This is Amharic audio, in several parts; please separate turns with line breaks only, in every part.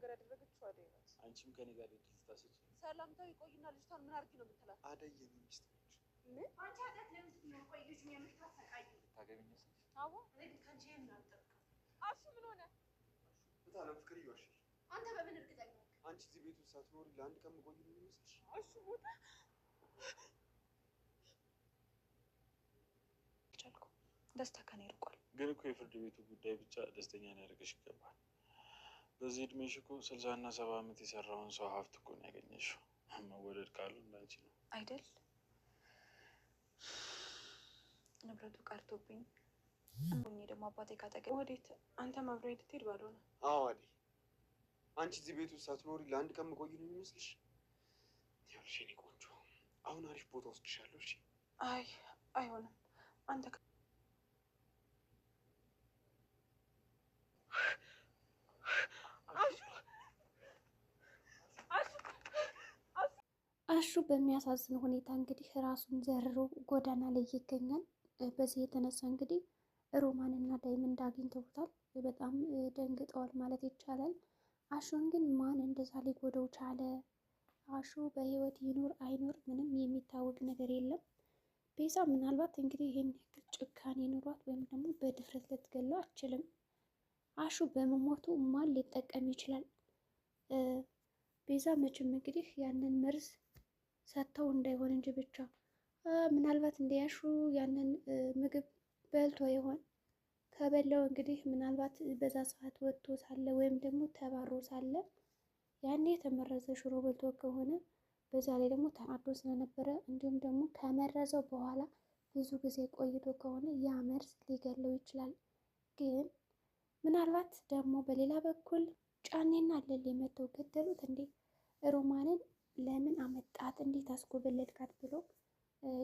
ነገር ያደረገችው አደይ ናት።
አንቺም ከኔ ጋር ልጅቷን
ምን አድርጊ ነው የምትላት?
አደይ የኔ ሚስት ነች።
ምን አንቺ ኃጢአት ለምን ስትመቆይ ልጅ የምታሰቃይ ታገቢኛለሽ? አዎ አሹ ምን ሆነ?
በጣም ፍቅር እየዋሸሽ
አንተ በምን እርግጠኛ
አንቺ እዚህ ቤት ውስጥ ሳትኖሪ ለአንድ ቀን የምቆይ ነው የሚመስልሽ?
አሹ ቦታ ደስታ ከኔ ርቋል?
ግን እኮ የፍርድ ቤቱ ጉዳይ ብቻ ደስተኛ ሊያደርግሽ ይገባል። በዚህ እድሜሽ እኮ እና ሰባ ዓመት የሰራውን ሰው ሀብት እኮ ነው ያገኘሽው። መወደድ ካሉ እንዳንቺ ነው
አይደል? ንብረቱ ቀርቶብኝ እኔ ደግሞ አባቴ ካጠገብ ወዴት? አንተ ማብሪያ ልትሄድ ባዶ ነው።
አዎ አዴ፣ አንቺ እዚህ ቤት ውስጥ ሳትኖሪ ለአንድ ቀን መቆይ ነው የሚመስልሽ? ይኸውልሽ የእኔ ቆንጆ፣ አሁን አሪፍ ቦታ ውስጥ ሻለሽ።
አይ አይሆንም አንተ አሹ በሚያሳዝን ሁኔታ እንግዲህ ራሱን ዘርሮ ጎዳና ላይ ይገኛል። በዚህ የተነሳ እንግዲህ ሮማን እና ዳይመንድ አግኝተውታል። በጣም ደንግጠዋል ማለት ይቻላል። አሹን ግን ማን እንደዛ ሊጎዳው ቻለ? አሹ በህይወት ይኑር አይኑር ምንም የሚታወቅ ነገር የለም። ቤዛ ምናልባት እንግዲህ ይህን ያክል ጭካኔ ኑሯት ወይም ደግሞ በድፍረት ልትገለው አችልም። አሹ በመሞቱ ማን ሊጠቀም ይችላል? ቤዛ መቼም እንግዲህ ያንን መርዝ ሰጥተው እንዳይሆን እንጂ ብቻ ምናልባት እንዲያሹ ያንን ምግብ በልቶ ይሆን ከበላው እንግዲህ ምናልባት በዛ ሰዓት ወጥቶ ሳለ ወይም ደግሞ ተባሮ ሳለ ያኔ የተመረዘ ሽሮ በልቶ ከሆነ በዛ ላይ ደግሞ ተናዶ ስለነበረ እንዲሁም ደግሞ ከመረዘው በኋላ ብዙ ጊዜ ቆይቶ ከሆነ ያ መርዝ ሊገለው ይችላል። ግን ምናልባት ደግሞ በሌላ በኩል ጫኔና ለሌ መተው ገደሉት እንዴ ሮማንን ለምን አመጣት እንዴት አስጎበለድካት ብሎ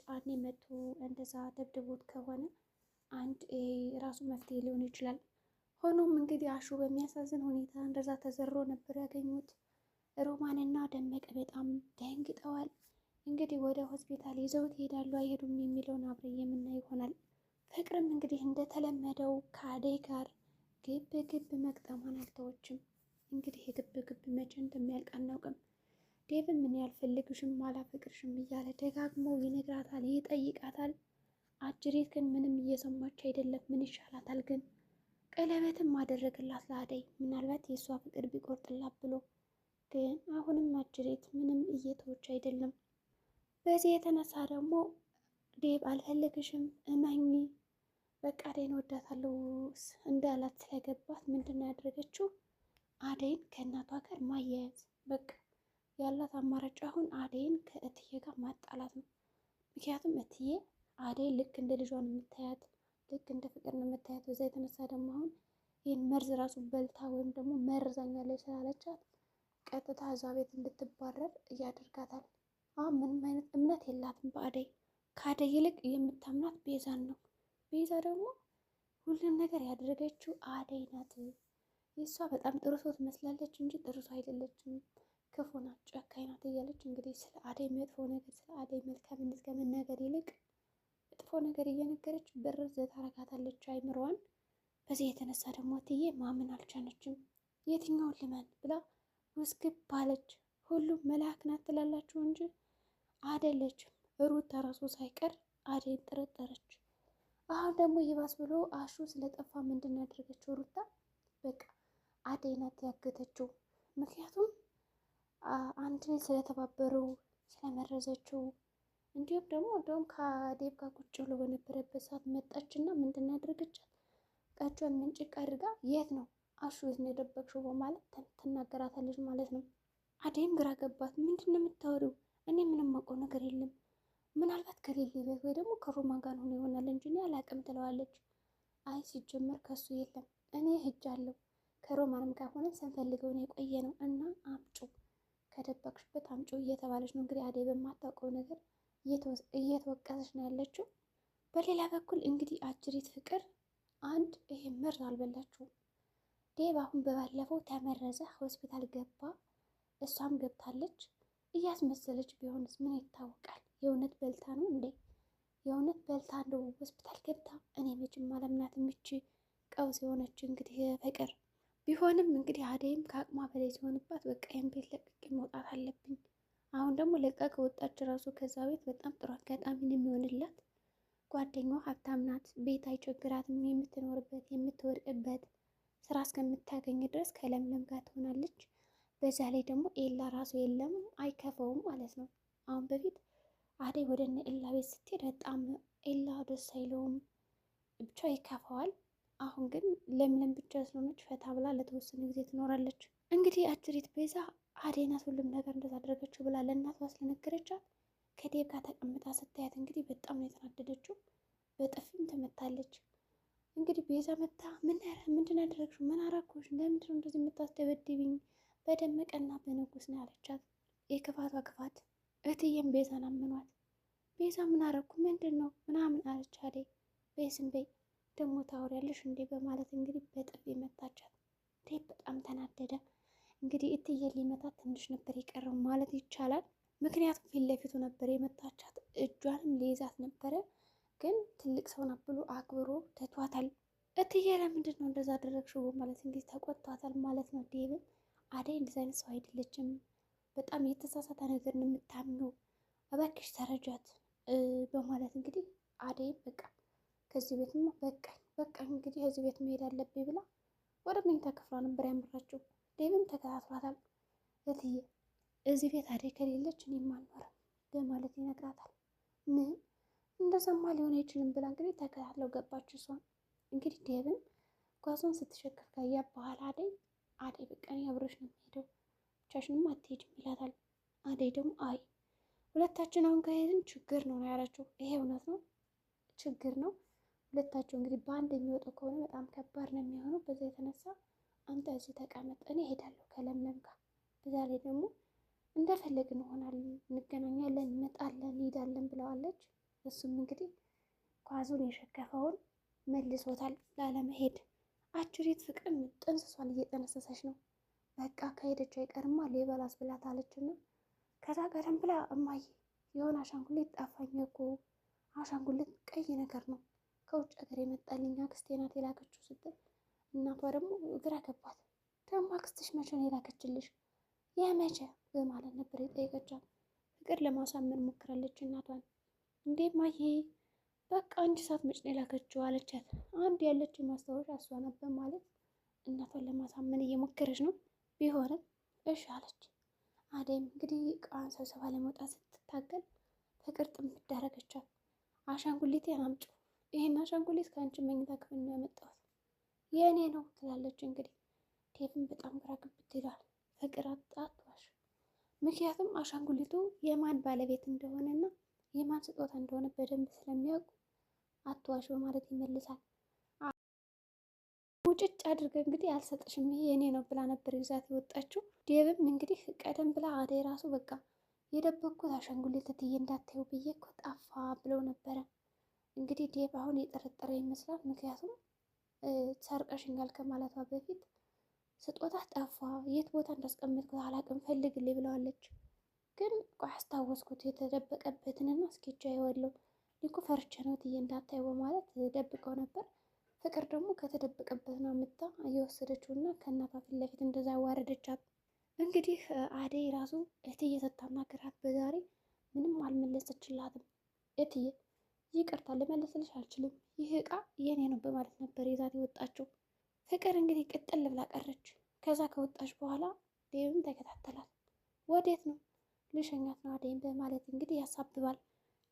ጫኔ መቶ እንደዛ ደብድቦት ከሆነ አንድ ራሱ መፍትሄ ሊሆን ይችላል። ሆኖም እንግዲህ አሹ በሚያሳዝን ሁኔታ እንደዛ ተዘሮ ነበር ያገኙት። ሮማን እና ደመቀ በጣም ደንግጠዋል። እንግዲህ ወደ ሆስፒታል ይዘውት ይሄዳሉ አይሄዱም የሚለውን አብረ የምናይ ይሆናል። ፍቅርም እንግዲህ እንደተለመደው ከአደይ ጋር ግብ ግብ መግጠሟን አልተወችም። እንግዲህ የግብ ግብ መቼ እንደሚያልቅ አናውቅም። ዴቭን ምን ያልፈልግሽም አላፈቅርሽም እያለ ደጋግሞ ይነግራታል፣ ይጠይቃታል። አጅሬት ግን ምንም እየሰማች አይደለም። ምን ይሻላታል ግን ቀለበትም አደረግላት ለአደይ ምናልባት የእሷ ፍቅር ቢቆርጥላት ብሎ ግን አሁንም አጅሬት ምንም እየተወች አይደለም። በዚህ የተነሳ ደግሞ ዴብ አልፈልግሽም እመኝ በቃ አደይን ወዳታለሁ እንዳላት ስለገባት ምንድን ነው ያደረገችው አደይን ከእናቷ ጋር ማያያዝ በቃ ያላት አማራጭ አሁን አደይን ከእትዬ ጋር ማጣላት ነው። ምክንያቱም እትዬ አደይ ልክ እንደ ነው የምታያት ልክ እንደ ፍቅር ነው የምታያት። በዛ የተነሳ ደግሞ አሁን ይህን መርዝ ራሱ በልታ ወይም ደግሞ መርዛኛለች ስላለቻት ቀጥታ እዛ ቤት እንድትባረር እያደርጋታል። አሁን ምንም አይነት እምነት የላትም በአደይ ከአደይ ይልቅ የምታምናት ቤዛን ነው። ቤዛ ደግሞ ሁሉም ነገር ያደረገችው አደይ ናት። እሷ በጣም ጥሩ ሰው ትመስላለች እንጂ ጥሩ ሰው አይደለችም። ክፉ ናት፣ ጨካኝ ናት እያለች እንግዲህ ስለ አደይ መጥፎ ነገር ስለ አደይ መልካምነት ከመናገር ይልቅ መጥፎ ነገር እየነገረች ብር ዘታረጋታለች አይምሮዋን። በዚህ የተነሳ ደግሞ ትዬ ማመን አልቻለችም። የትኛውን ልመን ብላ ውስግብ ባለች። ሁሉም መልአክ ናት ትላላችሁ እንጂ አይደለችም። ሩታ ራሱ ሳይቀር አደይን ጠረጠረች። አሁን ደግሞ ይባስ ብሎ አሹ ስለጠፋ ምንድን ያደረገችው ሩታ በቃ አደይ ናት ያገተችው ምክንያቱም አንድን ስለተባበሩ ስለመረዘችው እንዲሁም ደግሞ እንደውም ከዴብ ጋር ቁጭ ብሎ በነበረበት ሰዓት መጣችና ምንድን ያደረገቻት እቃቸውን ምንጭቅ አድርጋ የት ነው አሹ የት ነው የደበቅሽው በማለት ትናገራታለች ማለት ነው። አደይም ግራ ገባት። ምንድን ነው የምታወሪው? እኔ ምንም አውቀው ነገር የለም ምናልባት ከሌለ ቤት ወይ ደግሞ ከሮማን ጋር ሆኖ ይሆናል እንጂ እኔ አላቅም ትለዋለች። አይ ሲጀመር ከሱ የለም እኔ ሂጅ አለው ከሮማንም ጋር ሆነን ስንፈልገው ነው የቆየ ነው እና አምጪው ከደበቅሽበት አምጪ እየተባለች ነው እንግዲህ አደይ በማታውቀው ነገር እየተወቀሰች ነው ያለችው። በሌላ በኩል እንግዲህ አጅሪት ፍቅር አንድ ይሄ ምር አልበላችሁም። ዴብ አሁን በባለፈው ተመረዘ ሆስፒታል ገባ፣ እሷም ገብታለች። እያስመሰለች ቢሆንስ ምን ይታወቃል? የእውነት በልታ ነው እንዴ? የእውነት በልታ እንደው ሆስፒታል ገብታ እኔ መቼም አለምናት የምች ቀውስ የሆነች እንግዲህ ፍቅር ቢሆንም እንግዲህ አደይም ከአቅሟ በላይ ሲሆንባት በቃ ይህን ቤት ለቅቄ መውጣት አለብኝ። አሁን ደግሞ ለቃ ከወጣች ራሱ ከዛ ቤት በጣም ጥሩ አጋጣሚ ነው የሚሆንላት። ጓደኛዋ ሀብታም ናት፣ ቤት አይቸግራትም። የምትኖርበት የምትወድቅበት ስራ እስከምታገኝ ድረስ ከለምለም ጋር ትሆናለች። በዛ ላይ ደግሞ ኤላ ራሱ የለም አይከፈውም ማለት ነው። አሁን በፊት አደይ ወደ እነ ኤላ ቤት ስትሄድ በጣም ኤላ ደስ አይለውም፣ ብቻ ይከፈዋል። አሁን ግን ለምለም ብቻ ስለሆነች ፈታ ብላ ለተወሰነ ጊዜ ትኖራለች። እንግዲህ አጅሪት ቤዛ አደይ ናት ሁሉም ነገር እንደታደረገችው ብላ ለእናቷ ስለነገረቻት ከዴብ ጋር ተቀምጣ ስታያት እንግዲህ በጣም ነው የተናደደችው። በጥፊም ተመታለች። እንግዲህ ቤዛ መታ ምንድን ያደረግሽው? ምን አረኩሽ? ለምንድን እንደዚህ የምታስደበድብኝ? በደመቀና በንጉስ ነው ያለቻት። የክፋቷ ክፋት እህትዬም ቤዛን አምኗት ቤዛ ምን አረኩ ምንድን ነው ምናምን አለች አደይ በይ በይ ደግሞ ታወሪያለሽ እንዴ በማለት እንግዲህ በጥፊ መታቻት። ዴቭ በጣም ተናደደ። እንግዲህ እትዬ ሊመታት ትንሽ ነበር የቀረው ማለት ይቻላል። ምክንያቱም ፊት ለፊቱ ነበር የመታቻት። እጇንም ሊይዛት ነበረ፣ ግን ትልቅ ሰው ናት ብሎ አክብሮ ትቷታል። እትዬ ለምንድን ነው እንደዛ አደረግሽው? ማለት እንግዲህ ተቆጥቷታል ማለት ነው። ዴቭም አደይ እንደዚህ አይነት ሰው አይደለችም፣ በጣም የተሳሳተ ነገር ነው የምታምነው፣ እባክሽ ተረጃት በማለት እንግዲህ አደይም በቃ ከዚህ ቤትማ በቃኝ በቃኝ እንግዲህ ከዚህ ቤት መሄድ አለብኝ ብላ ወደ መኝታ ክፍሏ ነበር ያመራችው። ዴቪም ተከታትሏታል። እትዬ እዚህ ቤት አደይ ከሌለች እኔም አልኖርም በማለት ይነግራታል። ምን እንደዛማ ሊሆን አይችልም ብላ እንግዲህ ተከታትለው ገባች። እሷን እንግዲህ ዴቪም ጓዞን ስትሸከፍ ካያ በኋላ አደይ አደይ በቃኝ አብረሽ ነው የሚሄደው ብቻሽንም አትሄጂም ይላታል። አደይ ደግሞ አይ ሁለታችን አሁን ከሄድን ችግር ነው ያለችው። ይሄ እውነት ነው ችግር ነው ሁለታቸው እንግዲህ በአንድ የሚወጡ ከሆነ በጣም ከባድ ነው የሚሆነው። በዛ የተነሳ አንተ እዚህ ተቀመጥ፣ እኔ እሄዳለሁ ከለምለም ጋር። እዛ ላይ ደግሞ እንደፈለግ እንሆናለን፣ እንገናኛለን፣ እንመጣለን፣ እንሄዳለን ብለዋለች። እሱም እንግዲህ ኳዙን የሸከፈውን መልሶታል ላለመሄድ። አችሬት ፍቅርም ጥንስሷን እየጠነሰሰች ነው። በቃ ከሄደች አይቀርማ ሌባ ላስብላት አለችና ከዛ ቀደም ብላ እማዬ የሆነ አሻንጉሊት ጣፋኝ እኮ አሻንጉሊት ቀይ ነገር ነው ከውጭ ሀገር የመጣልኝ አክስቴ ናት የላከችው ስትል እናቷ ደግሞ ግራ ገባት። ደግሞ አክስትሽ መቼ ነው የላከችልሽ? የመቼ በማለት ነበር የጠየቀቻት። ፍቅር ለማሳመን ሞክራለች እናቷን። እንዴ ማዬ በቃ አንቺ ሳትመጪ ነው የላከችው አለቻት። አንድ ያለችው ማስታወሻ እሷ ናት በማለት እናቷን ለማሳመን እየሞከረች ነው። ቢሆንም እሺ አለች። አደይም እንግዲህ እቃዋን ሰብሰባ ለመውጣት ስትታገል ፍቅር ጥም ዳረገቻት አሻንጉሊቴ አምጪው ይህን አሻንጉሊት ከአንቺ መኝታ ክፍል ነው ያመጣሁት የእኔ ነው ትላለች። እንግዲህ ዴቭም በጣም ግራ ግብት ይላል። ፍቅር አትዋሽ፣ ምክንያቱም አሻንጉሊቱ የማን ባለቤት እንደሆነና የማን ስጦታ እንደሆነ በደንብ ስለሚያውቁ አትዋሽ በማለት ይመልሳል። ውጭጭ አድርገ እንግዲህ አልሰጥሽም ይሄ የእኔ ነው ብላ ነበር ይዛት የወጣችው። ዴቭም እንግዲህ ቀደም ብላ አደይ ራሱ በቃ የደበኩት አሻንጉሊት እትዬ እንዳታየው ብዬ እኮ ጣፋ ብለው ነበረ እንግዲህ ዴቭ አሁን የጠረጠረ ይመስላል። ምክንያቱም ሰርቀሽኛል ከማለቷ በፊት ስጦታ ጠፋ፣ የት ቦታ እንዳስቀመጥኩት አላቅም ፈልግልኝ ብለዋለች። ግን ቆይ አስታወስኩት የተደበቀበትንና እስኬቻ ይወለው ሊኩ ፈርቼ ነው ትዬ እንዳታይ በማለት ደብቀው ነበር። ፍቅር ደግሞ ከተደበቀበት ነው ምታ እየወሰደችው እና ከእናቷ ፊት ለፊት እንደዛ ያዋረደቻት። እንግዲህ አደይ ራሱ እትዬ ስታናግራት በዛሬ ምንም አልመለሰችላትም እትዬ ይቅርታ ልመልስልሽ አልችልም፣ ይህ እቃ የኔ ነው በማለት ነበር የዛሬ የወጣችው። ፍቅር እንግዲህ ቅጥል ብላ ቀረች። ከዛ ከወጣች በኋላ ዴብም ተከታተላት። ወዴት ነው ልሸኛት ነው አደይም በማለት እንግዲህ ያሳብባል።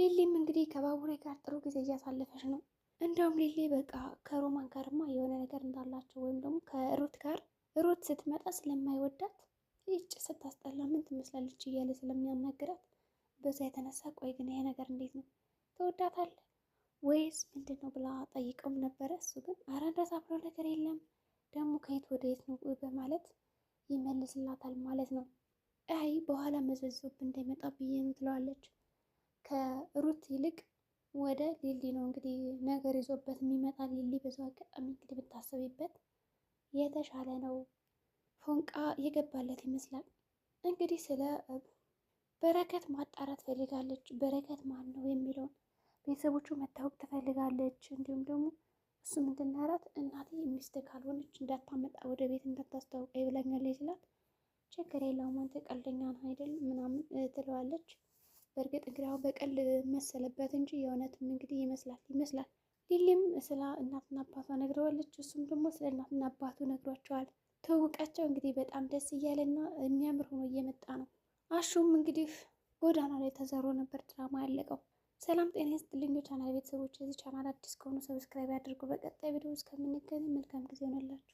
ሊሊም እንግዲህ ከባቡሬ ጋር ጥሩ ጊዜ እያሳለፈች ነው። እንደውም ሊሊ በቃ ከሮማን ጋርማ የሆነ ነገር እንዳላቸው ወይም ደግሞ ከሩት ጋር ሩት ስትመጣ ስለማይወዳት ይጭ ስታስጠላ ምን ትመስላለች እያለ ስለሚያናግራት በዛ የተነሳ ቆይ ግን ይሄ ነገር እንዴት ነው ትወዳታለህ ወይስ ምንድን ነው ብላ ጠይቀውም ነበረ። እሱ ግን አረ እንደዛ ብሎ ነገር የለም ደግሞ ከየት ወደ የት ነው በማለት ይመልስላታል ማለት ነው። አይ በኋላ መዘዞብ እንዳይመጣ ብዬ ነው ትለዋለች። ከሩት ይልቅ ወደ ሊሊ ነው እንግዲህ ነገር ይዞበት የሚመጣ ሊሊ በዛው አጋጣሚ እንግዲህ ብታሰቢበት የተሻለ ነው። ፎንቃ የገባለት ይመስላል እንግዲህ ስለ በረከት ማጣራት ፈልጋለች። በረከት ማን ነው የሚለውን ቤተሰቦቹ መታወቅ ትፈልጋለች። እንዲሁም ደግሞ እሱ ምንድናራት እናቴ ሚስት ካልሆነች እንዳታመጣ ወደ ቤት እንዳታስታውቀ ይብለኛል ይችላል። ችግር የለውም አንተ ቀልደኛ ነህ አይደል ምናምን ትለዋለች። በእርግጥ እንግዲያው በቀል መሰለበት እንጂ የእውነትም እንግዲህ ይመስላል ይመስላል። ሊሊም ስለ እናትና አባቷ ነግረዋለች። እሱም ደግሞ ስለ እናትና አባቱ ነግሯቸዋል። ትውውቃቸው እንግዲህ በጣም ደስ እያለና የሚያምር ሆኖ እየመጣ ነው። አሹም እንግዲህ ጎዳና ላይ ተዘሮ ነበር ድራማ ያለቀው። ሰላም ጤና ይስጥልኝ ቻናል ቤተሰቦች፣ የዚህ ቻናል አዲስ ከሆኑ ሰብስክራይብ ያድርጉ። በቀጣይ ቪዲዮ እስከምንገኝ መልካም ጊዜ ሆነላችሁ።